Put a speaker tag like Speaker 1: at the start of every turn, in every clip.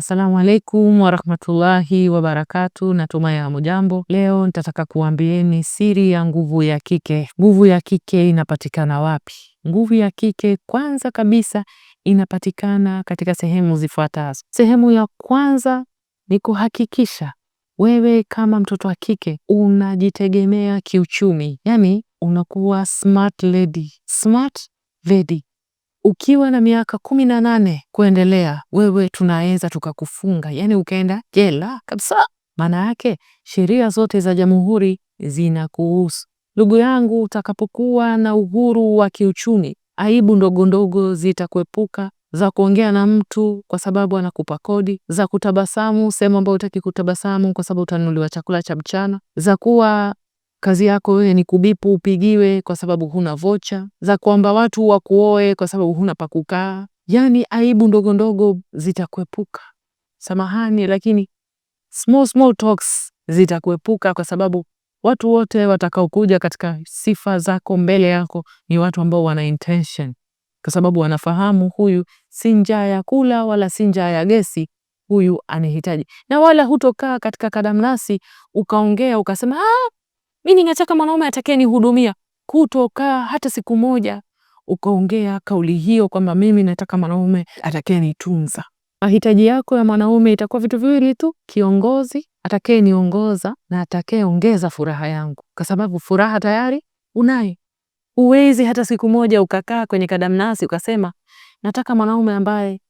Speaker 1: Assalamu alaikum warahmatullahi wabarakatu, natumai hamujambo. Leo nitataka kuambieni siri ya nguvu ya kike. Nguvu ya kike inapatikana wapi? Nguvu ya kike kwanza kabisa inapatikana katika sehemu zifuatazo. Sehemu ya kwanza ni kuhakikisha wewe kama mtoto wa kike unajitegemea kiuchumi, yani unakuwa smart lady. Smart lady ukiwa na miaka kumi na nane kuendelea, wewe tunaweza tukakufunga, yani ukaenda jela kabisa. Maana yake sheria zote za jamhuri zinakuhusu ndugu yangu. Utakapokuwa na uhuru wa kiuchumi, aibu ndogo ndogo zitakuepuka za kuongea na mtu kwa sababu anakupa kodi, za kutabasamu sehemu ambayo utaki kutabasamu kwa sababu utanunuliwa chakula cha mchana, za kuwa kazi yako wewe ni kubipu upigiwe kwa sababu huna vocha, za kwamba watu wakuoe kwa sababu huna pa kukaa. Yani aibu ndogo ndogo zitakuepuka, samahani, lakini small small talks zitakuepuka kwa sababu watu wote watakaokuja katika sifa zako mbele yako ni watu ambao wana intention, kwa sababu wanafahamu huyu si njaa ya kula wala si njaa ya gesi, huyu anahitaji. Na wala hutokaa katika kadamnasi ukaongea ukasema ah Mi ningetaka mwanaume atakee nihudumia kutoka hata siku moja. Ukaongea kauli hiyo kwamba mimi nataka mwanaume atakee nitunza. Mahitaji yako ya mwanaume itakuwa vitu viwili tu, kiongozi atakee niongoza na atakayeongeza furaha yangu, kwa sababu furaha tayari unayo. Huwezi hata siku moja ukakaa kwenye kadamnasi ukasema nataka mwanaume ambaye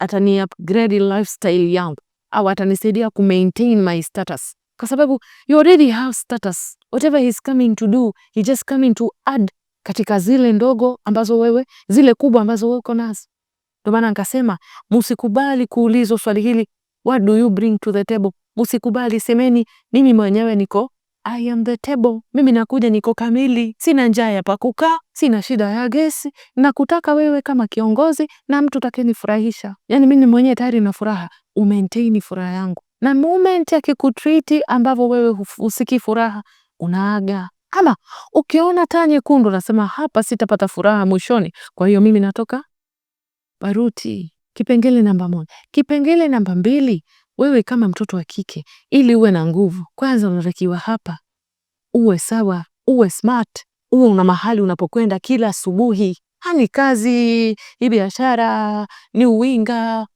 Speaker 1: atani upgrade lifestyle yangu au atanisaidia ku maintain my status kwa sababu you already have status, whatever he's coming to do he just coming to add katika zile ndogo ambazo wewe, zile kubwa ambazo wewe uko nazo. Ndio maana nikasema msikubali kuulizwa swali hili, what do you bring to the table? Msikubali, semeni mimi mwenyewe niko I am the table. Mimi nakuja niko kamili, sina njaa ya pakukaa, sina shida ya gesi, na kutaka wewe kama kiongozi na mtu takenifurahisha. Yani mimi mwenyewe tayari na furaha, umaintain furaha yangu na moment akikutriti ambavyo wewe husikii furaha unaaga, ama ukiona taa nyekundu unasema hapa sitapata furaha mwishoni, kwa hiyo mimi natoka baruti. Kipengele namba moja. Kipengele namba mbili, wewe kama mtoto wa kike, ili uwe na nguvu, kwanza unatakiwa hapa uwe sawa, uwe smart, uwe una mahali unapokwenda kila asubuhi. Hani kazi, ni biashara, ni uwinga,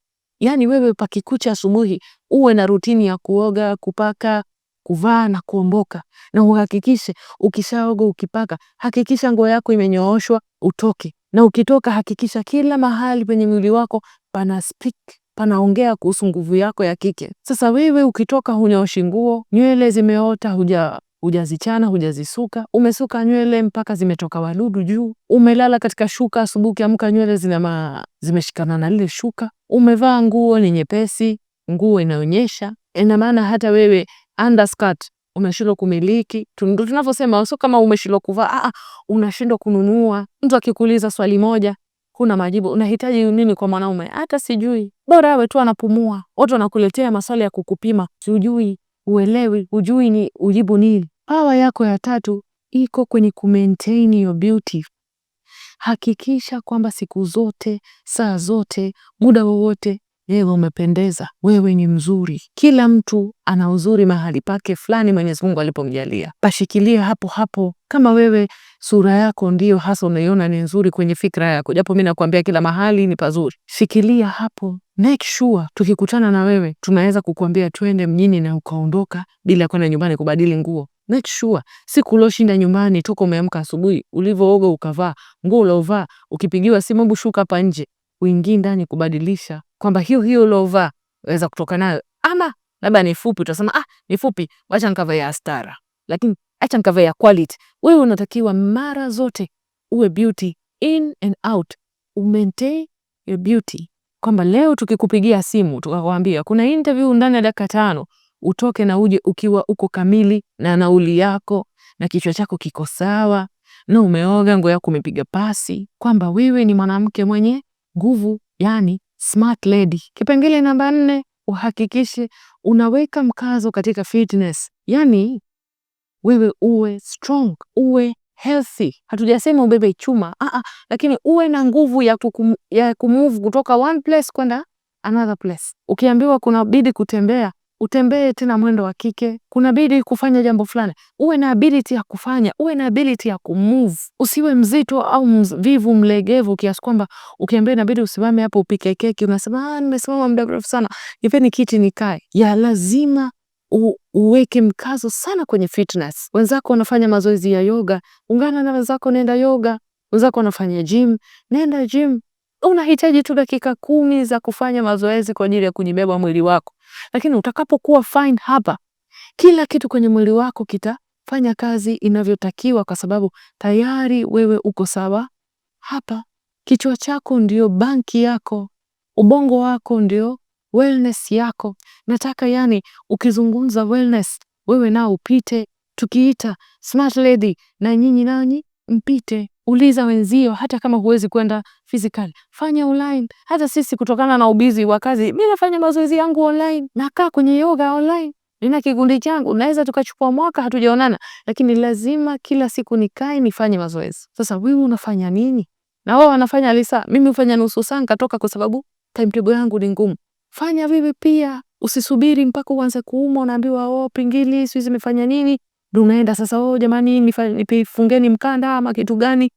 Speaker 1: Yaani wewe pakikucha asubuhi uwe na rutini ya kuoga, kupaka, kuvaa na kuomboka, na uhakikishe ukishaoga, ukipaka, hakikisha nguo yako imenyooshwa utoke, na ukitoka hakikisha kila mahali penye mwili wako pana speak panaongea kuhusu nguvu yako ya kike. Sasa wewe ukitoka hunyoshi nguo, nywele zimeota, huja hujazichana hujazisuka, umesuka nywele mpaka zimetoka wadudu juu, umelala katika shuka, asubuhi ukiamka nywele zina ma... zimeshikana na lile shuka, umevaa nguo ni nyepesi, nguo inaonyesha. Ina maana hata wewe underskirt umeshindwa kumiliki. Ndo tunavyosema, sio kama umeshindwa kuvaa, ah, ah, unashindwa kununua. Mtu akikuuliza swali moja huna majibu, unahitaji nini kwa mwanaume? Hata sijui, bora awe tu anapumua. Watu wanakuletea maswali ya kukupima, sijui uelewi hujui ni ujibu nini. Pawa yako ya tatu iko kwenye ku maintain your beauty. Hakikisha kwamba siku zote, saa zote, muda wowote wewe umependeza, wewe ni mzuri. Kila mtu ana uzuri mahali pake fulani Mwenyezi Mungu alipomjalia, pashikilia hapo hapo. Kama wewe sura yako ndiyo hasa unaiona ni nzuri kwenye fikra yako, japo mi nakuambia kila mahali ni pazuri. Fikiria hapo, make sure tukikutana na wewe tunaweza kukuambia twende mjini na ukaondoka bila kwenda nyumbani kubadili nguo. Make sure siku ulioshinda nyumbani toka umeamka asubuhi, ulivyooga ukavaa nguo uliovaa, ukipigiwa simu hebu shuka hapa nje, uingii ndani kubadilisha, kwamba hiyo hiyo uliovaa weza kutoka nayo, ama labda ni fupi, utasema ah, ni fupi, wacha ya astara, lakini acha nikavaa ya quality. Wewe unatakiwa mara zote uwe beauty in and out, u maintain your beauty, kwamba leo tukikupigia simu tukakwambia kuna interview ndani ya dakika tano utoke na uje ukiwa uko kamili na nauli yako na kichwa chako kiko sawa na umeoga, nguo yako umepiga pasi, kwamba wewe ni mwanamke mwenye nguvu, yani smart lady. Kipengele namba nne, uhakikishe unaweka mkazo katika fitness, yani wewe uwe strong, uwe healthy. Hatujasema ubebe chuma aa, lakini uwe na nguvu ya, kukum, ya kumove kutoka one place kwenda another place. Ukiambiwa kuna bidi kutembea utembee tena mwendo wa kike. Kuna bidi kufanya jambo fulani, uwe na ability ya kufanya, uwe na ability ya kumove. Usiwe mzito au mvivu mlegevu kiasi kwamba ukiambia inabidi usimame hapo upike keki, unasema ah, nimesimama muda mrefu sana, nipeni kiti nikae. Ya lazima uweke mkazo sana kwenye fitness. Wenzako wanafanya mazoezi ya yoga, ungana na wenzako, nenda yoga. Wenzako wanafanya gym, nenda gym. Unahitaji tu dakika kumi za kufanya mazoezi kwa ajili ya kujibeba mwili wako, lakini utakapokuwa fine hapa, kila kitu kwenye mwili wako kitafanya kazi inavyotakiwa, kwa sababu tayari wewe uko sawa hapa. Kichwa chako ndio banki yako, ubongo wako ndio wellness yako. Nataka yani ukizungumza wellness, wewe nao upite, tukiita smart lady na nyinyi nanyi mpite. Uliza wenzio, hata kama huwezi kwenda physical, fanya online. Hata sisi kutokana na ubizi wa kazi, mimi nafanya mazoezi yangu online, nakaa kwenye yoga online nina kikundi changu, naweza tukachukua mwaka hatujaonana, lakini lazima kila siku nikae nifanye mazoezi. Sasa wewe unafanya nini? Na wao wanafanya lisa, mimi ufanya nusu saa nikatoka, kwa sababu timetable yangu ni ngumu fanya vivi pia, usisubiri mpaka uanze kuumwa, unaambiwa oh, pingili sijui zimefanya nini, ndio unaenda sasa, oh jamani, nipifungeni mkanda ama kitu gani.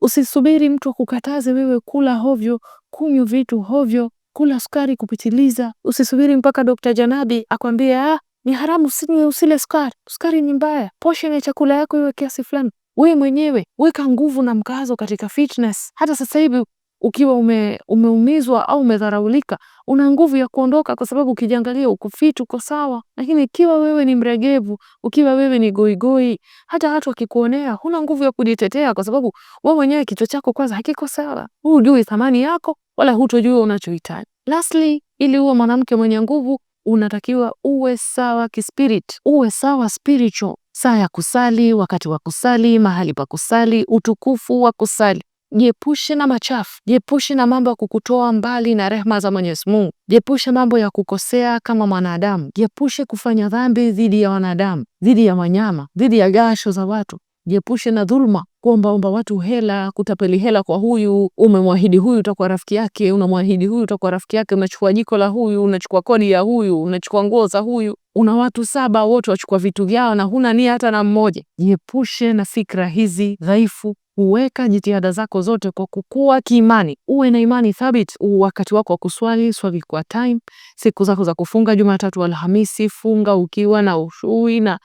Speaker 1: Usisubiri mtu akukataze wewe kula hovyo, kunywa vitu hovyo, kula sukari kupitiliza. Usisubiri mpaka Dokta Janabi akwambie ah, ni haramu usinywe, usile sukari, sukari ni mbaya. Portion ya chakula yako iwe kiasi fulani. Wewe mwenyewe weka nguvu na mkazo katika fitness. Hata sasa hivi ukiwa ume, umeumizwa au umedharaulika, una nguvu ya kuondoka, kwa sababu ukijiangalia uko fit, uko sawa. Lakini ikiwa wewe ni mregevu, ukiwa wewe ni goigoi, hata watu wakikuonea, huna nguvu ya kujitetea, kwa sababu wewe mwenyewe kichwa chako kwanza hakiko sawa, hujui thamani yako wala hutojua unachohitaji. Lastly, ili uwe mwanamke mwenye nguvu, unatakiwa uwe sawa kispirit, uwe sawa spiritual saa ya kusali, wakati wa kusali, mahali pa kusali, utukufu wa kusali. Jiepushe na machafu, jiepushe na mambo ya kukutoa mbali na rehma za Mwenyezi Mungu, jiepushe mambo ya kukosea kama mwanadamu, jiepushe kufanya dhambi dhidi ya wanadamu, dhidi ya wanyama, dhidi ya gasho za watu, jiepushe na dhulma, kuombaomba watu hela, kutapeli hela kwa huyu. Umemwahidi huyu utakuwa rafiki yake, unamwahidi huyu utakuwa rafiki yake, unachukua jiko la huyu, unachukua kodi ya huyu, unachukua nguo za huyu una watu saba wote wachukua vitu vyao na huna nia hata na mmoja. Jiepushe na fikra hizi dhaifu Huweka jitihada zako zote kwa kukua kiimani. Uwe na imani thabiti. Wakati wako wa kuswali swali kwa time. Siku zako za kufunga Jumatatu, Alhamisi, funga ukiwa na ushui na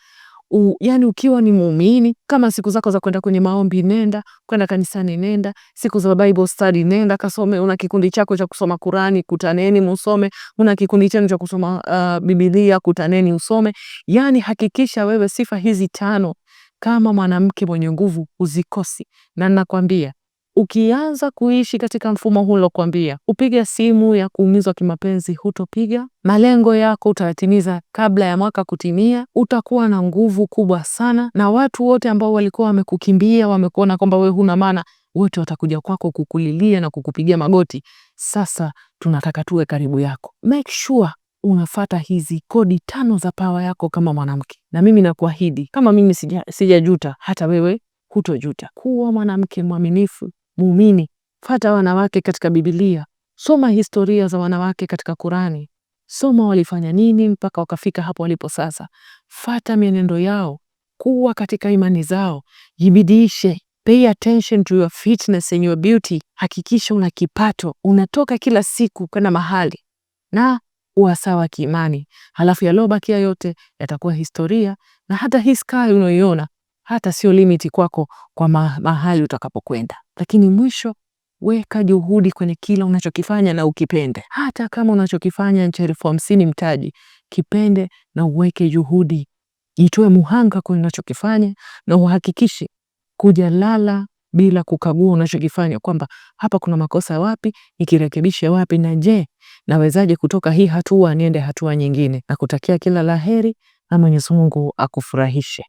Speaker 1: u, yani ukiwa ni muumini. Kama siku zako za kwenda kwenye maombi nenda, kwenda kanisani nenda, siku za Bible study nenda, kasome. Una kikundi chako cha kusoma Kurani, kutaneni musome. Una kikundi chenu cha kusoma uh, Biblia, kutaneni usome. Yani hakikisha wewe sifa hizi tano kama mwanamke mwenye nguvu huzikosi, na nakwambia ukianza kuishi katika mfumo huu lokwambia, upiga simu ya kuumizwa kimapenzi hutopiga. Malengo yako utayatimiza kabla ya mwaka kutimia. Utakuwa na nguvu kubwa sana, na watu wote ambao walikuwa wamekukimbia, wamekuona kwamba wewe huna maana, wote watakuja kwako kukulilia na kukupigia magoti. Sasa tunataka tuwe karibu yako. Make sure unafata hizi kodi tano za pawa yako kama mwanamke, na mimi nakuahidi kama mimi sijajuta, sija, hata wewe hutojuta. Kuwa mwanamke mwaminifu, muumini, fata wanawake katika Bibilia, soma historia za wanawake katika Kurani, soma walifanya nini mpaka wakafika hapo walipo sasa. Fata mienendo yao, kuwa katika imani zao, jibidiishe. Pay attention to your fitness and your beauty. Hakikisha una kipato, unatoka kila siku kwenda mahali na kuwa sawa kiimani, halafu yaliyobakia yote yatakuwa historia. Na hata hii sky unayoiona hata sio limiti kwako kwa mahali utakapokwenda, lakini mwisho weka juhudi kwenye kila unachokifanya na ukipende. Hata kama unachokifanya cha elfu hamsini mtaji, kipende na uweke juhudi, jitoe muhanga kwenye unachokifanya na uhakikishe kuja lala bila kukagua unachokifanya, kwamba hapa kuna makosa wapi, nikirekebisha wapi, na je nawezaje kutoka hii hatua niende hatua nyingine. Nakutakia kila laheri na Mwenyezi Mungu akufurahishe.